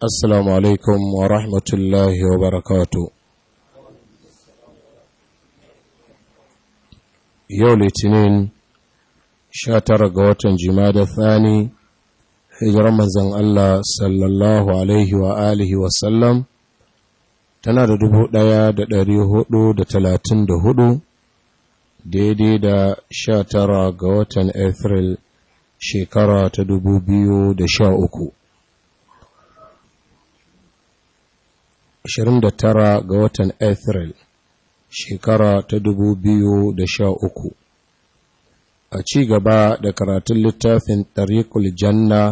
Assalamu alaikum wa rahmatullahi wa barakatu. Yau Litinin, sha tara ga watan da Thani, hijirar manzan Allah sallallahu Alaihi wa tana da dubu ɗaya da ɗari hudu da talatin da hudu, daidai da sha tara ga watan Afril shekara ta dubu biyu da sha uku. 29 ga watan Ethereal, shekara ta 2013 a ci gaba da karatun littafin Tariqul Janna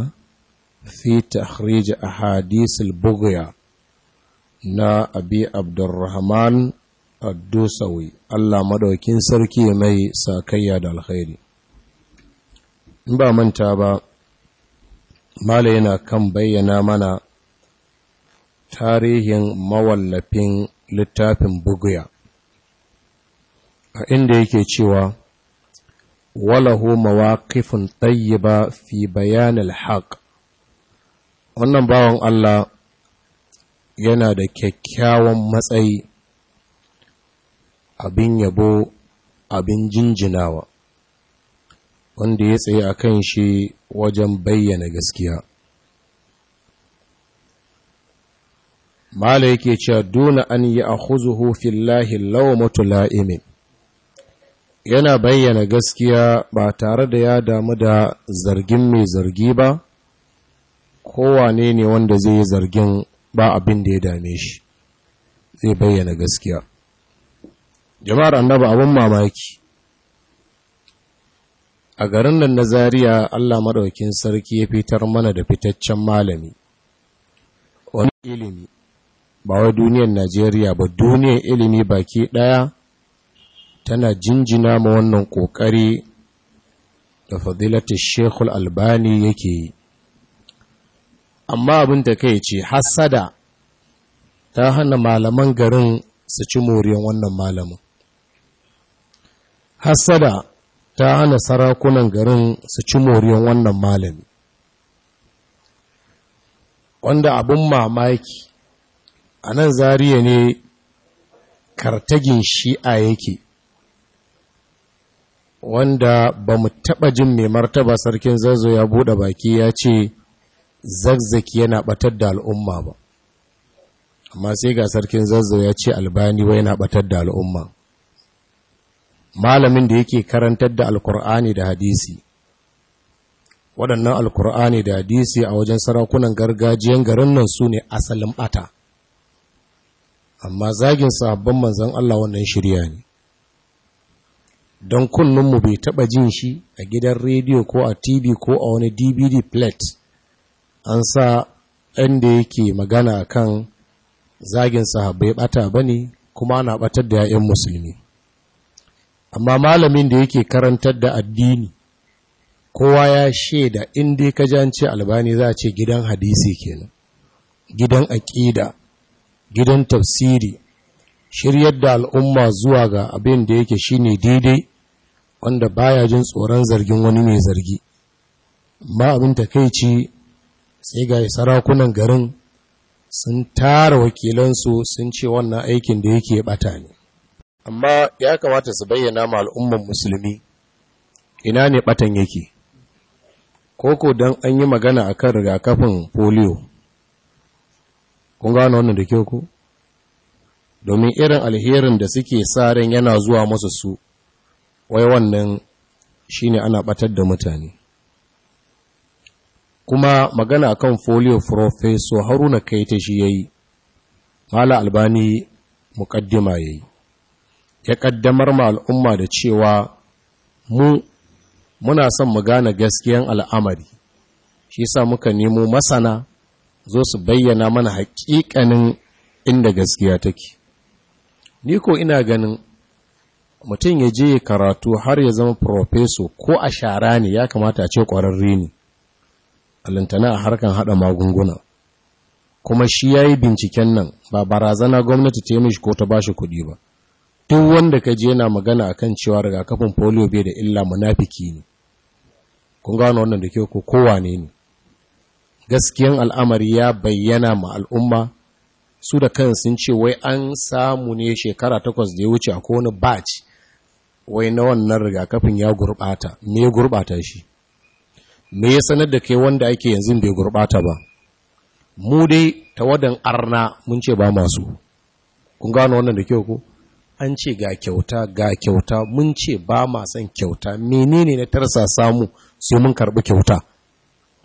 fi tahrij ahadith al-bughya na Abi Abdurrahman ad-Dusawi Allah madaukin sarki mai sakayya da alkhairi in ba manta ba mala yana kan bayyana mana tarihin mawallafin littafin buguya a inda yake cewa walahu mawaƙifin tayyiba fi bayanin haƙ. wannan bawan Allah yana da kyakkyawan matsayi abin yabo abin jinjinawa wanda ya tsaye a kan shi wajen bayyana gaskiya mala yake cewa duna an yi a huzuhu fillahi lawamatu la'imin yana bayyana gaskiya ba tare da ya damu da zargin mai zargi ba kowane ne wanda zai yi zargin ba abin da ya dame shi zai bayyana gaskiya jama'ar annaba abin mamaki a garin nan na zariya allah maɗaukin sarki ya fitar mana da fitaccen malami wani ilimi ba wa duniyar Najeriya ba duniyar ilimi baki ɗaya tana jinjina ma wannan ƙoƙari da fadilatar Shekul Albani yake yi. Amma abin da kai ce, hassada ta hana malaman garin su ci moriyan wannan malamin. Hassada ta hana sarakunan garin su ci moriyan wannan malamin Wanda abin mamaki a nan zariya ne kartagin shi'a yake wanda ba mu taɓa jin mai martaba sarkin zazo ya buɗe baki ya ce zagzaki yana ɓatar da al'umma ba amma sai ga sarkin zazzau ya ce albani wai yana ɓatar da al'umma malamin da yake karantar da alkur'ani da hadisi waɗannan alkur'ani da hadisi a wajen sarakunan gargajiyan garin nan su ne asalin ɓata amma zagin sahabban manzan Allah wannan shirya ne don kunninmu bai taɓa jin shi a gidan rediyo ko a tv ko a wani dvd plate an sa inda yake magana kan zagin sahabbai ɓata ba ne kuma ana ɓatar da 'ya'yan musulmi amma malamin da yake karantar da addini kowa ya shaida inda ka jance albani za a ce gidan hadisi kenan gidan aƙida gidan tafsiri shiryar da al'umma zuwa ga abin da yake shine daidai wanda baya jin tsoron zargin wani mai zargi ba abin takeici sai ga sarakunan garin sun tara wakilansu sun ce wannan aikin da yake bata ne amma ya kamata su bayyana ma al'umman musulmi ina ne batan yake koko don an yi magana a akan rigakafin polio kun gano wannan da ke ku domin irin alherin da suke sa yana zuwa masa su wai wannan shine ana batar da mutane kuma magana kan folio professor Haruna kai ta shi ya yi, Mala Albani ya yi, ya kaddamar ma al'umma da cewa mu muna son mu gane gaskiyan al'amari shi sa muka nemo masana zo su bayyana mana haƙiƙanin inda gaskiya take ni ko ina ganin mutum ya je karatu har ya zama profeso ko a shara ne ya kamata a ce ƙwararre ne alintana a harkan haɗa magunguna kuma shi ya yi binciken nan ba barazana gwamnati ta yi mishi ko ta ba shi kuɗi ba duk wanda ka je yana magana a kan cewa rigakafin polio bai da illa munafiki ne kun gano wannan da ke ko kowane ne gaskiyan al'amari ya bayyana ma al'umma su da kan sun ce wai an samu ne shekara takwas da ya wuce a kowane batch wai na wannan rigakafin ya gurbata me ya gurbata shi me ya sanar da kai wanda ake yanzu bai gurbata ba mu dai tawadan arna mun ce ba masu kun gano wannan da kyau ko an ce ga kyauta ga kyauta mun ce ba ma son kyauta menene na tarsa samu sai mun karbi kyauta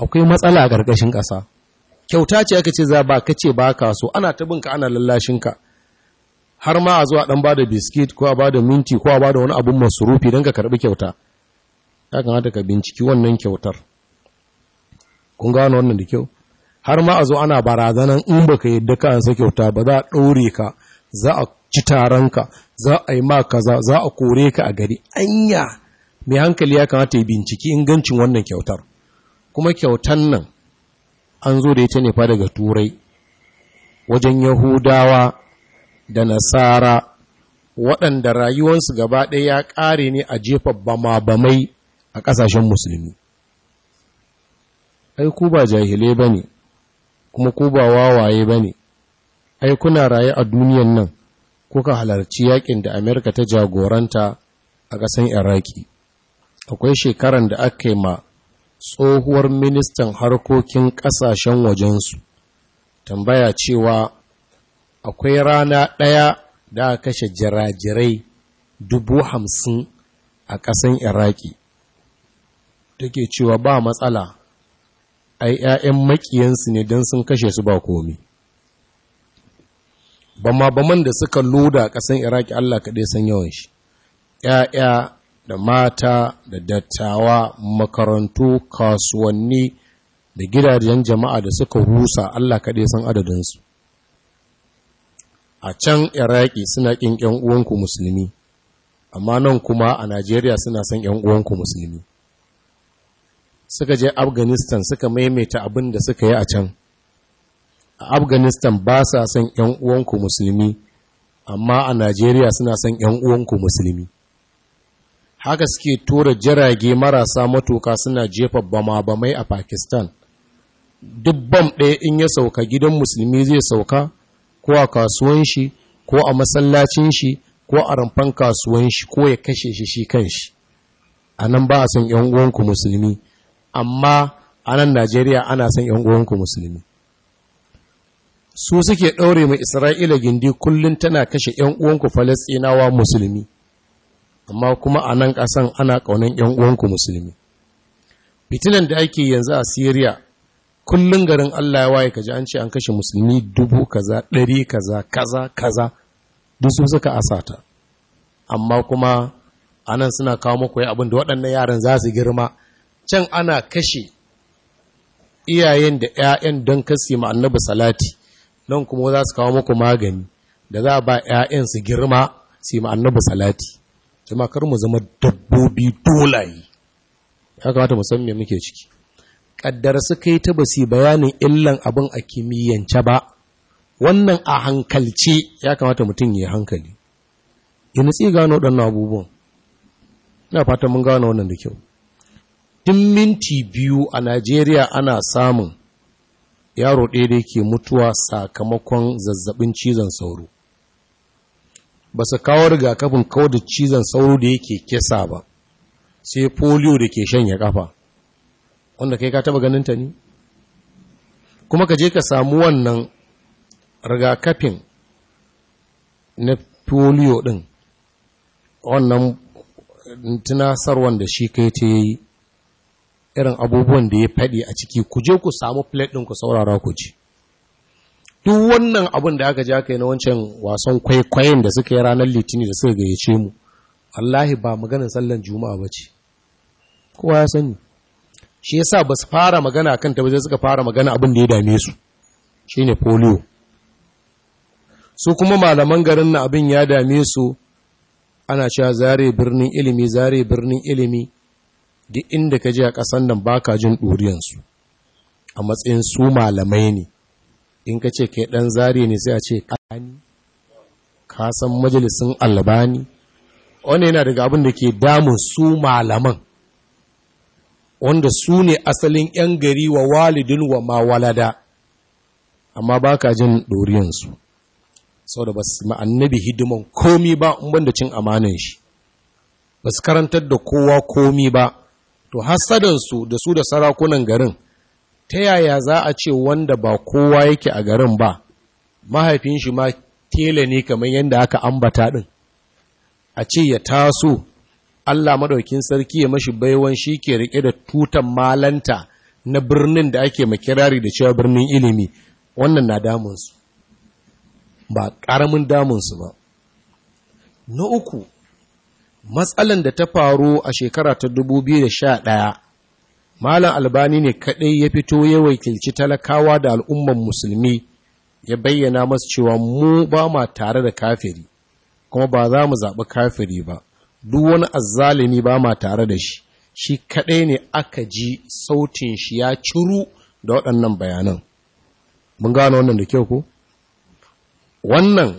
akwai matsala a ƙarƙashin ƙasa kyauta ce aka ce za ba ka ce ba ka so ana ta binka ana lallashinka har ma a zuwa a ɗan ba da biskit ko a ba da minti ko a ba da wani masu masurufi don ka karɓi kyauta ya kamata ka binciki wannan kyautar kun gano wannan da kyau har ma a zo ana barazanan in ba ka yadda ka ansa kyauta ba za a ɗore ka za a ci taron ka, za a yi ma kaza za a kore ka a gari anya mai hankali ya kamata ya binciki ingancin wannan kyautar kuma kyautan nan an zo da ita ne fa daga turai wajen yahudawa da nasara waɗanda rayuwarsu gaba ɗaya ya ƙare ne a jefa bama-bamai a ƙasashen musulmi ai ku ba jahilai ba ne kuma ku ba wawaye ba ne ai kuna raye a duniyan nan kuka halarci yakin da amerika ta jagoranta a ƙasan iraki akwai shekaran da aka yi ma tsohuwar ministan harkokin ƙasashen wajensu tambaya cewa akwai rana ɗaya da aka kashe jirajirai dubu hamsin a ƙasan iraki take cewa ba matsala ai 'ya'yan makiyansu ne don sun kashe su ba komi bama baman da suka loda a ƙasan iraki allah kaɗai san yawan shi ‘ya'ya da mata da dattawa makarantu kasuwanni da gidajen jama'a da suka rusa Allah kaɗai san adadinsu a can iraki suna ƙin ƴan uwanku musulmi amma nan kuma a najeriya suna san ‘yan uwanku musulmi suka je afghanistan suka maimaita abin da suka yi a can a afghanistan ba sa son ƴan uwanku musulmi amma a najeriya suna san ‘yan uwanku musulmi haka suke tura jirage marasa matuka suna jefa bama-bamai a pakistan dubban ɗaya in ya sauka gidan musulmi zai sauka ko a kasuwan shi ko a masallacin shi ko a rumfan kasuwan shi ko ya kashe shi shi kan shi a nan ba a son ‘yan uwanku musulmi amma a nan najeriya ana son ‘yan uwanku musulmi su suke ɗaure mai isra'ila gindi kullum tana kashe ‘yan uwanku falasɗinawa musulmi amma kuma a nan ƙasan ana ƙaunin ‘yan uwanku musulmi fitinan da ake yanzu a siriya kullum garin allah ya waye kaji an ce an kashe musulmi dubu kaza ɗari kaza kaza kaza duk su suka asata amma kuma a nan suna kawo maku abin da waɗannan yaran za su girma can ana kashe iyayen da 'ya'yan don kasi ma annabi salati nan kuma za su kawo maku magani da za a ba 'ya'yan su girma su yi ma annabi salati jama kar mu zama dabbobi dolayi ya kamata mu san me muke ciki kaddar su kai ta basi bayanin illan abin a kimiyyance ba wannan a hankalce ya kamata mutum ya hankali in tsi gano waɗannan abubuwan ina fata mun gano wannan da kyau duk minti biyu a Najeriya ana samun yaro ɗaya da yake mutuwa sakamakon zazzabin cizon sauro ba su kawo rigakafin kawo da cizon sauro da yake kesa ba sai polio da ke shanya kafa wanda kai ka taba ganin ta ne kuma ka je ka samu wannan rigakafin na polio din wannan tunasar da shi kai ta yi irin abubuwan da ya faɗi a ciki ku je ku samu plate ɗin ku saurara ku ci duk wannan abin da aka ja aka na wancan wasan kwaikwayon da suka yi ranar litini da suka gayyace mu wallahi ba maganar sallan juma'a ba ce kowa ya sani shi yasa ba su fara magana kan ta ba suka fara magana abin da ya dame su shine polio su kuma malaman garin na abin ya dame su ana cewa zare birnin ilimi zare birnin ilimi da inda ka je a kasan nan baka jin ɗuriyansu a matsayin su malamai ne in ka ce kai ɗan zari ne sai a ce ƙani ka san majalisun albani wani yana daga abin da ke damun su malaman wanda su ne asalin 'yan gari wa walidin wa mawalada amma ba ka jin ɗoriyansu sau da ba su ma'annabi hidiman komi ba da cin amanin shi ba su karantar da kowa komi ba to hasadansu da su da sarakunan garin ta yaya za a ce wanda ba kowa yake a garin ba mahaifin shi ma tela ne kamar yadda aka ambata din? a ce ya taso Allah maɗaukin sarki ya mashi baiwan shi ke riƙe da tutan malanta na birnin da ake makirari da cewa birnin ilimi wannan na damunsu ba ƙaramin damunsu ba na uku matsalan da ta faru a shekara ta 2011 malam albani ne kaɗai ya fito ya wakilci talakawa da al'umman musulmi ya bayyana masu cewa mu ba ma tare da kafiri kuma ba za mu zaɓi kafiri ba duk wani azzalimi ba ma tare da shi shi kaɗai ne aka ji sautin shi ya ciru da waɗannan bayanan mun gano wannan da kyau ko wannan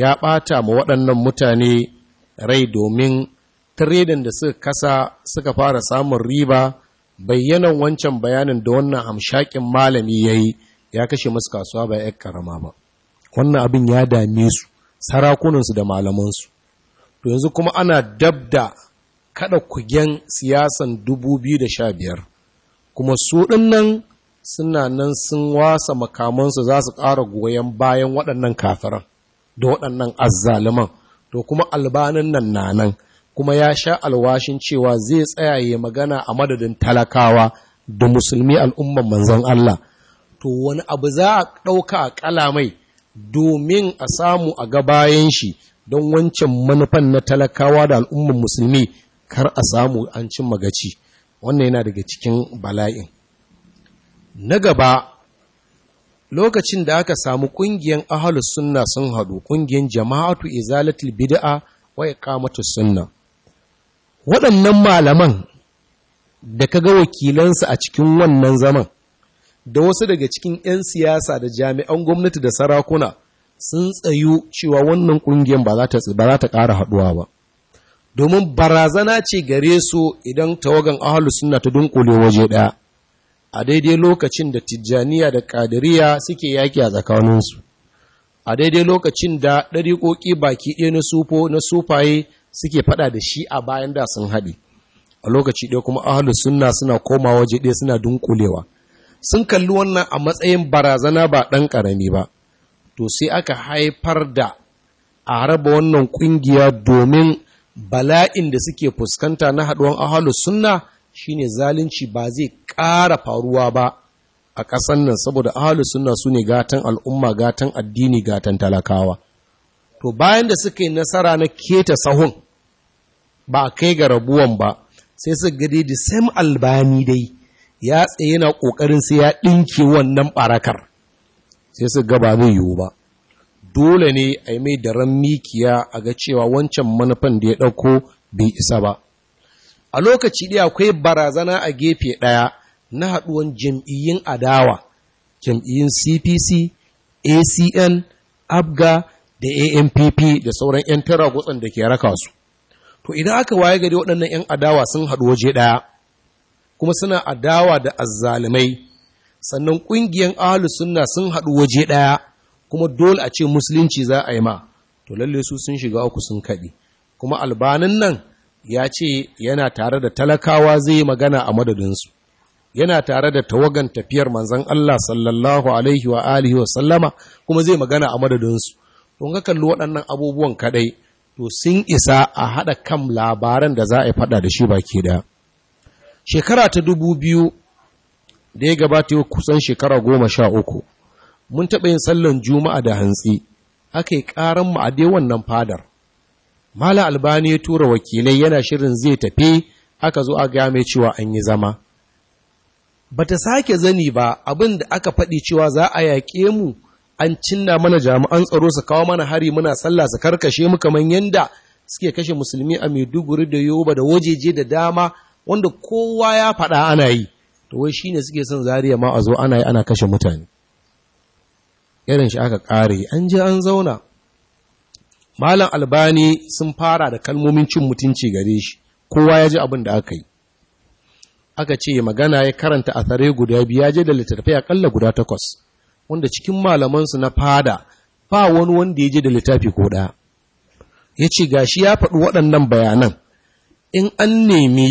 ya ɓata ma waɗannan mutane rai domin tiredin da suka kasa suka fara samun riba bayyanan wancan bayanin da wannan hamshakin malami ya yi ya kashe masu kasuwa ba ya karama ba wannan abin ya dame su sarakunansu da malamansu to yanzu kuma ana dab da kada kugen siyasan 2015 kuma su nan suna nan sun wasa makamansu za su ƙara goyon bayan waɗannan kafiran da waɗannan azzaliman to kuma albanin nan na nan kuma ya sha alwashin cewa zai tsaya ya magana a madadin talakawa da musulmi al'umman manzon Allah to wani abu za a ɗauka a ƙala mai domin a samu a ga bayan shi don wancan manufan na talakawa da al'umman musulmi kar a samu an cin magaci wannan yana daga cikin bala'in na gaba lokacin da aka samu ƙungiyar ahalus sunna sun haɗu ƙungiyar jama'atu izalatul bid'a wa iqamatus sunna waɗannan malaman da ka ga wakilansu a cikin wannan zaman da wasu daga cikin 'yan siyasa da jami'an gwamnati da sarakuna sun tsayu cewa wannan ƙungiyar ba za ta ƙara haɗuwa ba domin barazana ce gare su idan tawagan ahalus suna ta dunkule waje ɗaya a daidai lokacin da tijjaniya da ƙadiriya suke yaƙi a tsakaninsu a daidai lokacin da ɗariƙoƙi baki ɗaya na sufaye suke fada da shi a bayan da sun haɗi. a lokaci ɗaya kuma ahalus sunna suna koma waje ɗaya suna dunkulewa sun kalli wannan a matsayin barazana ba ɗan ƙarami ba to sai aka haifar da a raba wannan ƙungiya domin bala'in da suke fuskanta na haɗuwan ahalus sunna shine zalunci ba zai ƙara faruwa ba a ƙasan nan saboda ahalus sunna su ne gatan al'umma gatan addini gatan talakawa to bayan da suka yi nasara na keta sahun ba a kai ga rabuwan ba sai su gade da sam albani dai ya tsaye na ƙoƙarin sai ya ɗinke wannan barakar sai su gaba mai yiwu ba dole ne a yi mai daren mikiya a ga cewa wancan manufan da ya ɗauko bai isa ba a lokaci ɗaya akwai barazana a gefe ɗaya na haɗuwan jam'iyyun adawa jam'iyyun cpc acn abga da ANPP da sauran 'yan tara gutsan da ke raka su. To idan aka waye gari waɗannan 'yan adawa sun haɗu waje ɗaya, kuma suna adawa da azzalumai, sannan ƙungiyar ahalu sunna sun haɗu waje ɗaya, kuma dole a ce musulunci za a yi ma, to lalle su sun shiga uku sun kaɗi. Kuma albanin nan ya ce yana tare da talakawa zai yi magana a madadinsu. yana tare da tawagan tafiyar manzan Allah sallallahu alaihi wa alihi wa sallama kuma zai magana a madadinsu To ga kalli waɗannan abubuwan kaɗai to sun isa a haɗa kan labaran da za a yi faɗa da shi baki ɗaya shekara ta dubu biyu da ya gabata yau kusan shekara goma sha uku mun taɓa yin sallan juma'a da hantsi aka yi ƙaran mu a dai wannan fadar Mala Albani ya tura wakilai yana shirin zai tafi aka zo a game cewa an yi zama. Ba ta sake zani ba abin da aka faɗi cewa za a yaƙe mu an cinna mana jami'an tsaro su kawo mana hari muna sallah su karkashe mu kamar yanda suke kashe musulmi a Maiduguri da Yoba da wajeje da dama wanda kowa ya faɗa ana yi to wai shine suke son zariya ma a zo ana yi ana kashe mutane irin shi aka ƙare an je an zauna malam albani sun fara da kalmomin cin mutunci gare shi kowa ya ji abin da aka yi aka ce magana ya karanta a tsare guda biya je da littattafai akalla guda takwas wanda cikin malamansu na fada ba wani wanda ya je da littafi ko ɗaya ya ce ga shi ya faɗi waɗannan bayanan in an nemi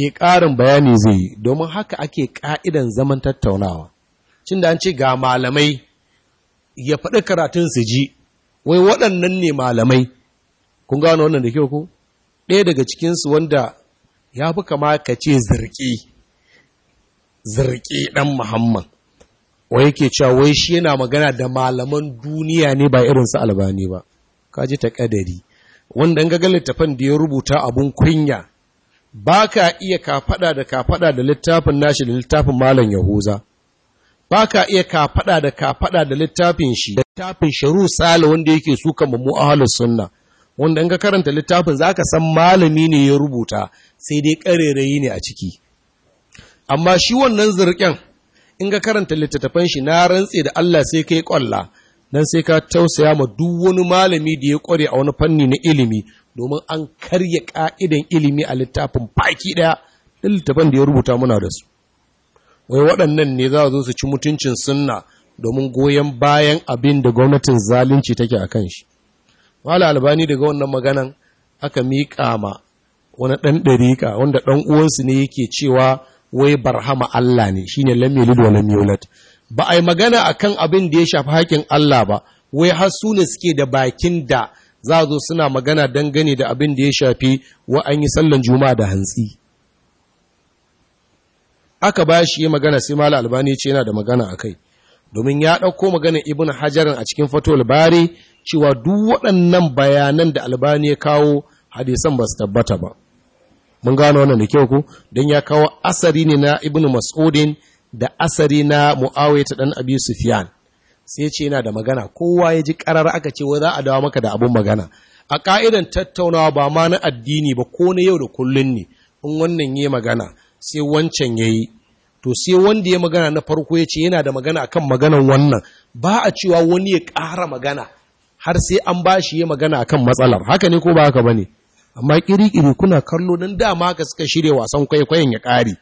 ya ƙarin bayani zai yi domin haka ake ƙa'idan zaman tattaunawa cin da an ce ga malamai ya faɗi karatun su ji wai waɗannan ne malamai kun gano wannan da kyau ko ɗaya daga cikinsu wanda ya fi kama ka ce zirƙi zirƙi ɗan muhammad wa yake cewa wai shi yana magana da malaman duniya ne ba irin su albani ba kaji ta kadari wanda in ga littafin da ya rubuta abun kunya ba ka iya kafada da kafada da littafin nashi da littafin malam yahuza ba ka iya kafada da kafada da littafin shi da littafin sharu sale wanda yake suka mu ahlus sunna wanda in ka karanta littafin zaka san malami ne ya rubuta sai dai karerayi ne a ciki amma shi wannan zirken in ka karanta littattafan shi na rantse da Allah sai kai kwalla dan sai ka tausaya ma duk wani malami da ya kware a wani fanni na ilimi domin an karya ka'idan ilimi a littafin baki daya da littattafan da ya rubuta muna da su wai waɗannan ne za zo su ci mutuncin sunna domin goyon bayan abin da gwamnatin zalunci take a kan shi mala albani daga wannan maganan aka miƙa ma wani ɗan ɗariƙa wanda ɗan uwansu ne yake cewa wai barhama Allah ne shine lam yalid wa lam yulad ba ai magana akan abin da ya shafi haƙin Allah ba wai har su ne suke da bakin da za zo suna magana dangane da abin da ya shafi wa an yi sallan juma'a da hantsi aka ba shi yi magana sai mala albani ce yana da magana a kai domin ya ɗauko magana ibn hajarin a cikin fato bari cewa duk waɗannan bayanan da albani ya kawo hadisan ba su tabbata ba mun gano wannan da kyau ku don ya kawo asari ne na Ibn mas'udin da asari na mu'awaita dan abi Sufiyan. sai ce yana da magana kowa ya ji karar aka ce wai za a dawo maka da abun magana a ka'idan tattaunawa ba ma na addini ba ko na yau da kullun ne in wannan yi magana sai wancan ya yi to sai wanda ya magana na farko ya ce yana da magana akan maganan wannan ba a cewa wani ya ƙara magana har sai an ba shi ya magana akan matsalar haka ne ko ba haka bane amma kirikiri kuna kallo don dama ka suka shirya wasan kwaikwayon ya ƙare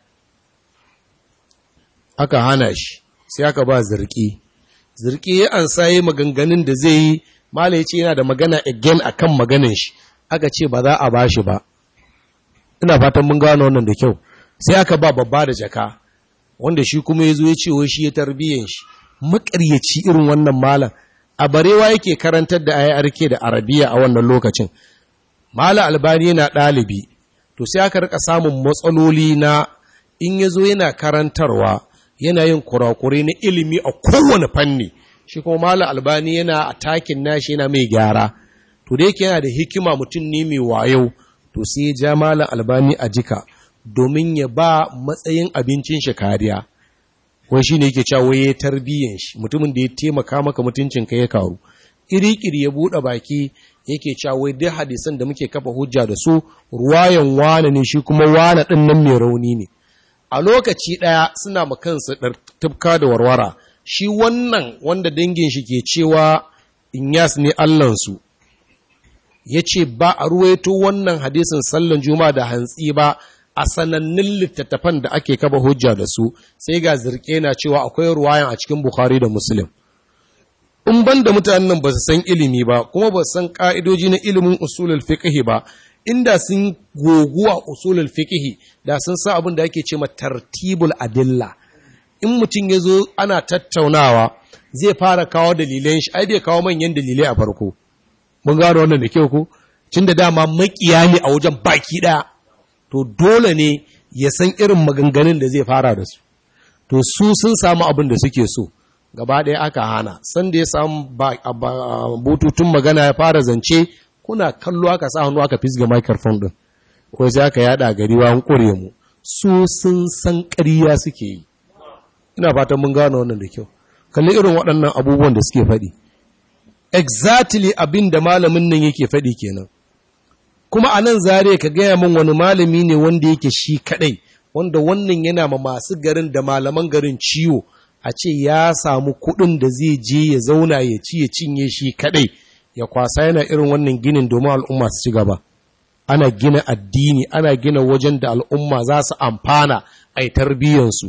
aka hana shi sai aka ba zirki zirki ya an saye maganganun da zai yi mala ya ce yana da magana again a kan maganin shi aka ce ba za a ba shi ba ina fatan mun gano wannan da kyau sai aka ba babba da jaka wanda shi kuma ya zo ya ce wai shi ya tarbiyyan shi makaryaci irin wannan malam a barewa yake karantar da ayar da arabiya a wannan lokacin mala albani yana ɗalibi to sai aka rika samun matsaloli na in ya zo yana karantarwa yana yin kurakuri na ilimi a kowane fanni shi kuma mala albani yana a takin nashi yana mai gyara to da yake yana da hikima mutum ne mai wayo to sai ya ja mala albani a jika domin ya ba matsayin abincin shi kariya wai shi ne yake cewa ya tarbiyyan shi mutumin da ya taimaka maka mutuncin ka ya karu iri ya buɗe baki yake cewa wai duk hadisan da muke kafa hujja da su ruwayan wane ne shi kuma wane din nan mai rauni ne a lokaci ɗaya suna ma kansu tufka da warwara shi wannan wanda dangin shi ke cewa inyas ne allansu su yace ba a ruwaito wannan hadisin sallan juma da hantsi ba a sanannun littattafan da ake kafa hujja da su sai ga zirke na cewa akwai ruwayan a cikin bukhari da muslim in ban da mutanen nan ba su san ilimi ba kuma ba san ka'idoji na ilimin usulul fiqh ba inda sun goguwa usulul fiqh da sun sa abin da ake ce ma tartibul adilla in mutum ya zo ana tattaunawa zai fara kawo dalilai shi ai bai kawo manyan dalilai a farko mun gano wannan da kyau ko tun da dama makiya ne a wajen baki ɗaya to dole ne ya san irin maganganun da zai fara da su to su sun samu abin da suke so gaba ɗaya aka hana sanda ya samu bututun magana ya fara zance kuna kallo aka sa hannu aka fisga microphone ɗin, ko sai aka yada gari wa kure mu su sun san ƙarya suke yi ina fatan mun gano wannan da kyau kalli irin waɗannan abubuwan da suke faɗi exactly abin da malamin nan yake faɗi kenan kuma a nan zare ka gaya min wani malami ne wanda yake shi kaɗai wanda wannan yana ma masu garin da malaman garin ciwo a ce ya samu kuɗin da zai je ya zauna ya ci ya cinye shi kaɗai ya kwasa yana irin wannan ginin domin al'umma su ci gaba ana gina addini ana gina wajen da al'umma za su amfana a yi tarbiyyansu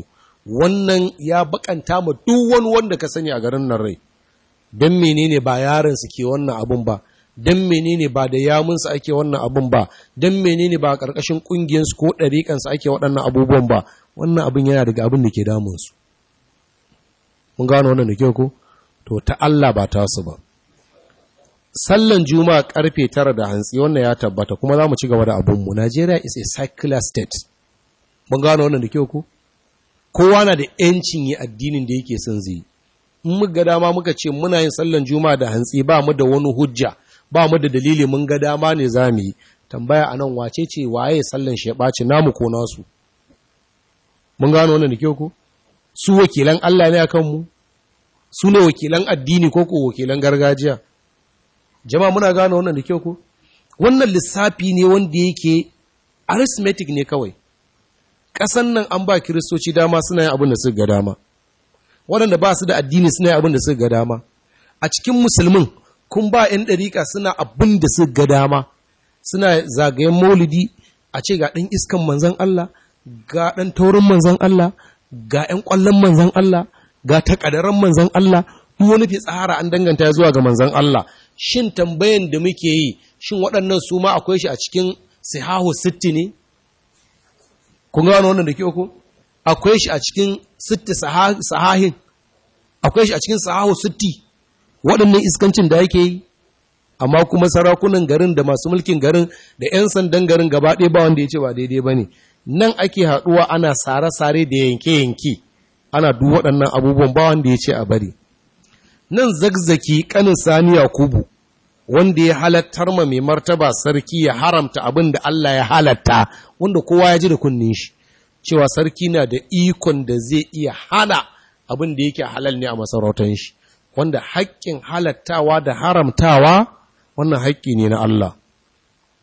wannan ya bakanta ma duk wani wanda ka sani a garin nan rai don menene ba yaran su ke wannan abun ba don menene ba da yamunsu ake wannan abun ba don menene ba a ƙarƙashin ƙungiyarsu ko ɗariƙansu ake waɗannan abubuwan ba wannan abin yana daga abin da ke damunsu mun gano wannan da kyau ko to ta Allah ba ta su ba sallan juma'a karfe tara da hantsi wannan ya tabbata kuma zamu mu ci gaba da mu. Nigeria is a secular state mun gano wannan da kyau ko kowa na da yancin yi addinin da yake son zai in ga dama muka ce muna yin sallan juma'a da hantsi ba mu da wani hujja ba mu da dalili mun ga dama ne za yi tambaya anan wace ce waye sallan shi ya namu ko nasu mun gano wannan da kyau ko su wakilan Allah ne a kanmu? su ne wakilan addini ko ko wakilan gargajiya jama'a muna gane wannan da kyau ko wannan lissafi ne wanda yake arithmetic ne kawai ƙasan nan an ba kiristoci dama suna yin abin da suka ga dama waɗanda ba su da addini suna yin abin da suka ga dama a cikin musulmin kun ba 'yan ɗariƙa suna abin da suka ga dama suna zagayen maulidi a ce ga ɗan iskan manzan Allah ga ɗan taurin manzan Allah ga 'yan ƙwallon manzan Allah ga takadaran manzan Allah duk wani fitsara an danganta zuwa ga manzan Allah shin tambayan da muke yi shin waɗannan su ma akwai shi a cikin sihahu sitti ne kun gano wannan da ke oku? akwai shi a cikin sitti sahahin akwai shi a cikin sahahu sitti waɗannan iskancin da yake yi amma kuma sarakunan garin da masu mulkin garin da 'yan sandan garin gaba ɗaya ba wanda ya ce ba daidai ba ne nan ake haɗuwa ana sare-sare da yanke-yanke ana duk waɗannan abubuwan ba wanda ya ce a bari nan zagzaki ƙanin sani yakubu wanda ya halattar ma mai martaba sarki ya haramta abin da Allah ya halatta wanda kowa ya ji da kunnin shi cewa sarki na da ikon da zai iya hana abin da yake halal ne a masarautar shi wanda haƙƙin halattawa da haramtawa wannan haƙƙi ne na Allah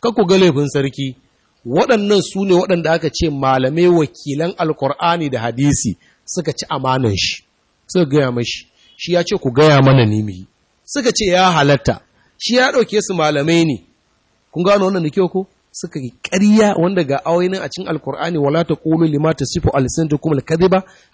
ka ku ga laifin sarki waɗannan su ne waɗanda aka ce malamai wakilan alkur'ani da hadisi suka ci amanan shi suka gaya mashi shi ya ce ku gaya mana ni mu suka ce ya halatta shi ya ɗauke su malamai ne kun gano wannan da kyau ko suka yi ƙarya wanda ga awainin a cikin alkur'ani wala ta ƙulu lima ta sifo alisantu kuma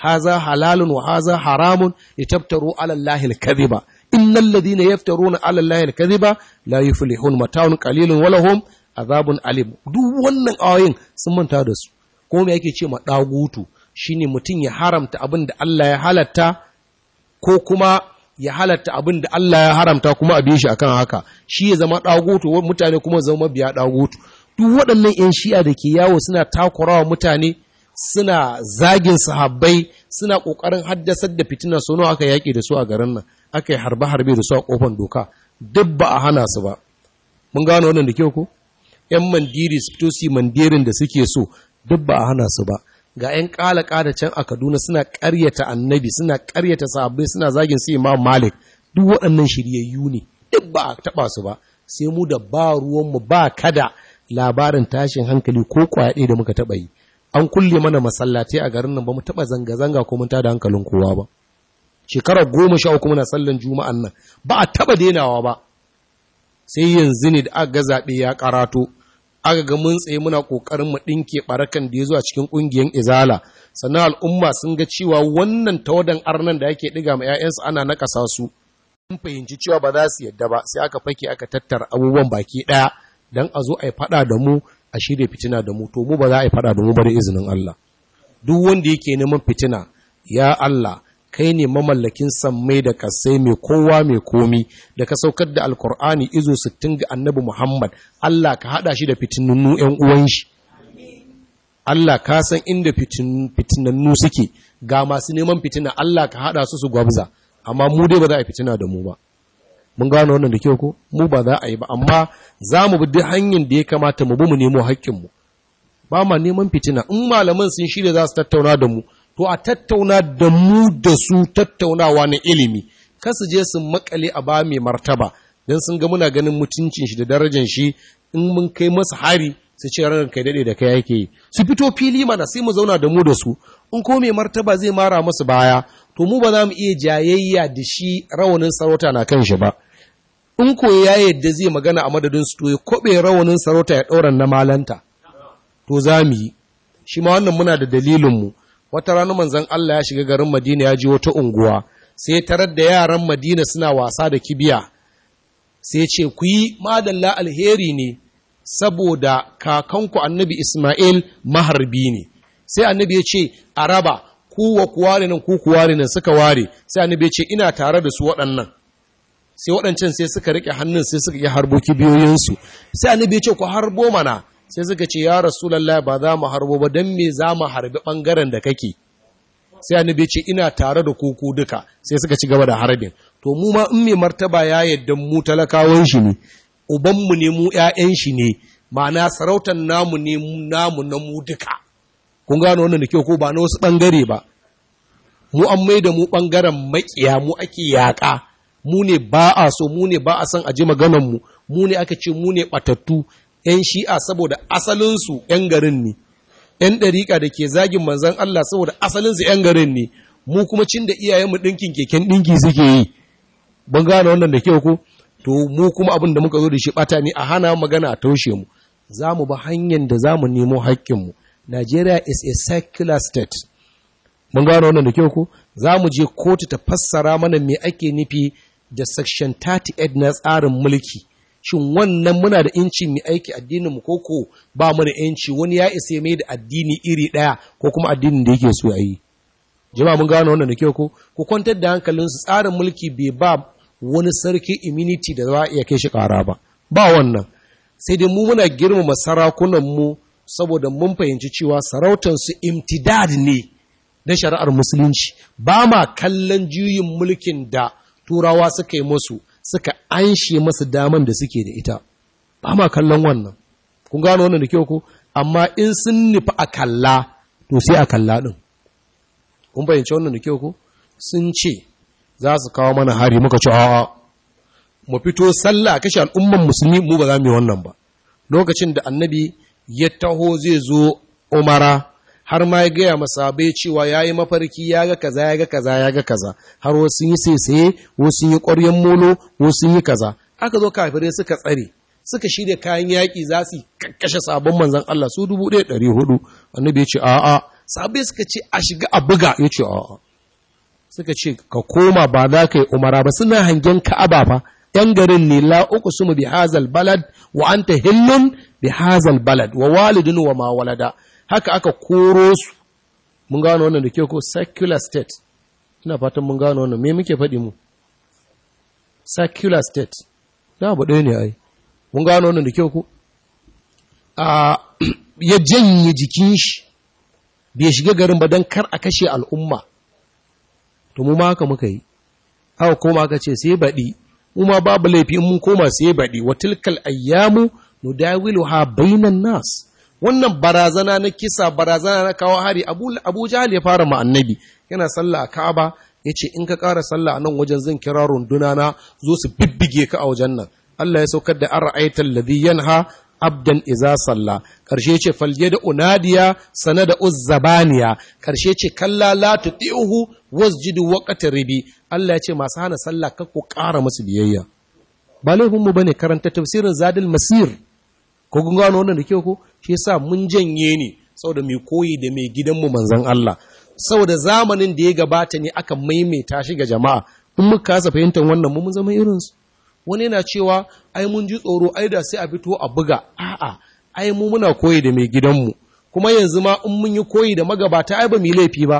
haza halalun wa haza haramun ya tabtaro alallahi alkadiba innal ladina yaftaruna alallahi alkadiba la yuflihun mataun qalilun walahum azabun alim duk wannan ayoyin sun manta da su ko me yake ce ma dagutu shine mutum ya haramta abin da Allah ya halatta ko kuma ya halatta abin da Allah ya haramta kuma a shi akan haka shi ya zama dagutu mutane kuma zama biya dagutu duk waɗannan 'yan shi'a da ke yawo suna takurawa mutane suna zagin sahabbai suna ƙoƙarin haddasar da fitina sono aka yaƙi da su a garin nan aka yi harbe-harbe da su a ƙofan doka duk ba a hana su ba mun gano wannan da kyau ko 'yan mandiri su fito su mandirin da suke so duk ba a hana su ba ga 'yan ƙala ƙada can a kaduna suna ƙaryata annabi suna ƙaryata sahabbai suna zagin su imam malik duk waɗannan shiryayyu ne duk ba a taɓa su ba sai mu da ba ruwanmu ba kada labarin tashin hankali ko kwaɗe da muka taɓa yi an kulle mana masallatai a garin nan ba mu taɓa zanga-zanga ko mun tada hankalin kowa ba Shekarar goma sha uku muna sallan juma'an nan ba a taɓa denawa ba sai yanzu ne da aka ga zaɓe ya ƙarato aka ga mun tsaye muna ƙoƙarin mu ɗinke ɓarakan da ya zo a cikin ƙungiyar izala sannan al'umma sun ga cewa wannan tawadan arnan da ake ɗiga ma 'ya'yansu ana nakasa su sun fahimci cewa ba za su yadda ba sai aka fake aka tattara abubuwan baki ɗaya don a zo a yi faɗa da mu a shirya fitina da mu to mu ba za a yi faɗa da mu ba da izinin Allah duk wanda yake neman fitina ya Allah kai ne mamallakin sammai da kasai mai kowa mai komi da ka saukar da alkur'ani izo sittin ga annabi muhammad allah ka haɗa shi da fitinannu yan uwan shi allah ka san inda fitinannu suke ga masu neman fitina allah ka haɗa su su gwabza amma mu dai ba za a fitina da mu ba mun gano wannan da kyau ko mu ba za a yi ba amma za mu bi duk hanyar da ya kamata mu bi mu nemo haƙƙinmu ba ma neman fitina in malaman sun shirya za su tattauna da mu to a tattauna da mu da su tattaunawa na ilimi kasu je su makale a ba mai martaba don sun ga muna ganin mutuncin shi da darajar shi in mun kai masa hari su ce ranar kai daɗe da kai yake yi su fito fili mana sai mu zauna da mu da su in ko mai martaba zai mara masu baya to mu ba za mu iya jayayya da shi rawanin sarauta na kan shi ba in ko ya yadda zai magana a madadin su to ya kobe rawanin sarauta ya ɗaura na malanta to za mu yi shi ma wannan muna da dalilinmu wata rana manzon Allah ya shiga garin Madina ya je wata unguwa sai tarar da yaran Madina suna wasa da kibiya sai ce ku yi madalla alheri ne saboda kakanku annabi Ismail maharbi ne sai annabi ya ce a raba ku wa ku ware nan ku ku ware nan suka ware sai annabi ya ce ina tare da su waɗannan sai waɗancan sai suka riƙe hannun sai suka yi harbo kibiyoyinsu sai annabi ya ce ku harbo mana sai suka ce ya rasulallah ba za mu harbo ba don me za mu harbi ɓangaren da kake sai annabi ce ina tare da koko duka sai suka ci gaba da harbin to mu ma in mai martaba ya yadda mu talakawan shi ne ubanmu ne mu ƴaƴan shi ne ma'ana sarautar namu ne namu na mu duka kun gano wannan da kyau ko ba na wasu ɓangare ba mu an mai da mu ɓangaren maƙiya mu ake yaƙa mu ne ba a so mu ne ba a san a maganan mu mu ne aka ce mu ne ɓatattu 'yan shi'a saboda asalinsu 'yan garin ne, 'yan ɗariƙa da ke zagin manzan Allah saboda asalinsu 'yan garin ne, mu kuma cin da iyayenmu ɗinkin keken ɗinki suke yi. Ban gane wannan da kyau ko? To, mu kuma abin da muka zo da shi ɓata ne a hana magana a taushe mu. Za mu ba hanyar da za mu nemo haƙƙinmu. Nigeria is a secular state. Mun gano wannan da kyau ko? Za mu je kotu ta fassara mana me ake nufi da section 38 na tsarin mulki shin wannan muna da inci mai aiki addinin mu koko ba mu da inci wani ya isa mai da addini iri ɗaya ko kuma addinin da yake so yayi jama'a mun gano wannan da kyau ko ku kwantar da su tsarin mulki bai ba wani sarki immunity da za a iya kai shi kara ba ba wannan sai dai mu muna girmama sarakunan mu saboda mun fahimci cewa sarautar su imtidad ne na shari'ar musulunci ba ma kallon juyin mulkin da turawa suka yi musu suka anshe masu daman da suke da ita ba ma kallon wannan kun gano wannan da kyau ko amma in sun nufi a kalla to sai a kalla din kun bayyance wannan da kyau ko sun ce za su kawo mana hari muka ci a'a mu fito sallah kashe al'umman musulmi mu ba za mu yi wannan ba lokacin da annabi ya taho zai zo umara har ma ya gaya masabe cewa ya yi mafarki ya ga kaza ya ga kaza ya ga kaza har wasu yi saisaye wasu yi ƙwaryen molo wasu yi kaza aka zo kafirai suka tsare suka shirya kayan yaƙi za su kakkashe sabon manzan Allah su dubu ɗaya ɗari hudu annabi ya ce a'a sabai suka ce a shiga a buga ya ce a'a suka ce ka koma ba za ka yi umara ba suna hangen ka'aba fa ‘yan garin ne la uku sumu bi hazal balad wa anta hillun bi hazal balad wa walidin wa ma walada haka aka koro su mun gano wannan da ke ko secular state ina fatan mun gano wannan me muke faɗi mu secular state na abu ɗaya ne ai mun gano wannan da ke ko a ya janye jikin shi bai shiga garin ba don kar a kashe al'umma to mu ma haka muka yi haka koma aka ce sai baɗi mu ma babu laifi mun koma sai baɗi wa tilkal ayyamu nudawiluha bainan nas wannan barazana na kisa barazana na kawo hari abu jahal ya fara ma annabi yana sallah a ka'aba ya ce in ka ƙara sallah a nan wajen zan kira runduna na zo su bibbige ka a wajen nan Allah ya saukar da an ra'aitar ladhi yanha abdan iza salla karshe ce falye da unadiya sana da uzzabaniya karshe ce kalla la tuti'uhu wasjidu waqta ribi Allah ya ce masu hana sallah kakku ƙara masu biyayya ba laifin mu bane karanta tafsirin zadil masir ko kun gano wannan da kyau ko shi yasa mun janye ne saboda mai koyi da mai gidanmu manzon Allah saboda zamanin da ya gabata ne aka maimaita shi ga jama'a in muka kasa fahimtar wannan mun zama irinsu wani yana cewa ai mun ji tsoro ai da sai a fito a buga a'a ai mu muna koyi da mai gidanmu kuma yanzu ma in mun yi koyi da magabata ai ba mu laifi ba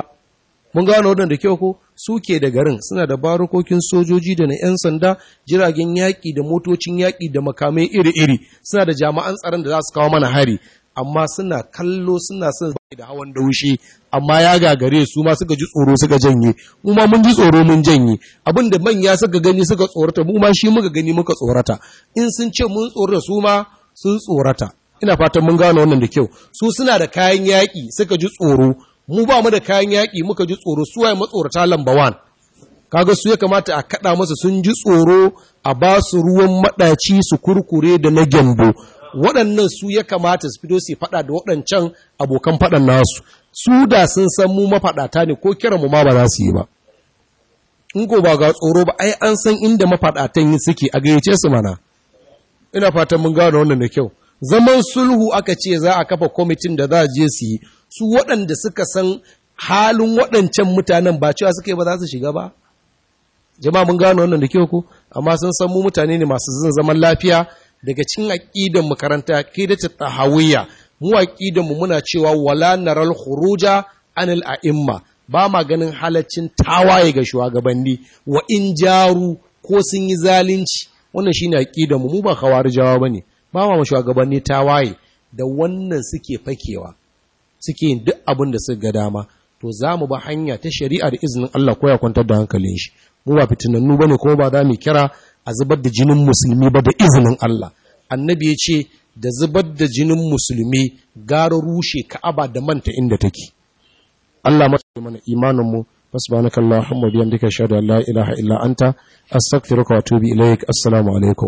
mun gano wannan da kyau ko suke da garin suna da barokokin sojoji da na 'yan sanda jiragen yaƙi da motocin yaƙi da makamai iri-iri suna da jami'an tsaron da za su kawo mana hari amma suna kallo suna son da hawan daushe amma ya gagare su ma suka ji tsoro suka janye mu ma mun ji tsoro mun janye abin da manya suka gani suka tsorata mu ma shi muka gani muka tsorata in sun ce mun tsorata su ma sun tsorata ina fatan mun gane wannan da kyau su suna da kayan yaƙi suka ji tsoro mu ba mu da kayan yaƙi muka ji tsoro su waye matsorata lamba wan kaga su ya kamata a kaɗa masa sun ji tsoro a ba su ruwan maɗaci su kurkure da na gembo waɗannan su ya kamata su fito su faɗa da waɗancan abokan faɗan nasu su da sun san mu mafaɗata ne ko mu ma ba za su yi ba in ko ba ga tsoro ba ai an san inda mafaɗatan yi suke a gayyace su mana ina fatan mun gano wannan da kyau zaman sulhu aka ce za a kafa kwamitin da za a je su yi su waɗanda suka san halin waɗancan mutanen ba cewa suka yi ba za su shiga ba jama'a mun gano wannan da kyau ko amma sun san mu mutane ne masu zan zaman lafiya daga cikin aqidan makaranta aqidatu tahawiyya mu aqidan mu muna cewa wala naral khuruja anil a'imma ba ma ganin halaccin tawaye ga shugabanni wa in jaru ko sun yi zalunci wannan shine aqidan mu mu ba khawarijawa bane ba ma shugabanni tawaye da wannan suke fakewa suke yin duk abin da suka ga dama to za mu ba hanya ta shari'a da izinin Allah ko ya kwantar da hankalin shi mu ba fitinannu bane kuma ba za mu kira a zubar da jinin musulmi ba da izinin Allah annabi ya ce da zubar da jinin musulmi gara rushe ka'aba da manta inda take Allah masu mana imanin mu subhanakallahumma bihamdika ashhadu an la ilaha illa anta astaghfiruka wa atubu ilaik assalamu alaikum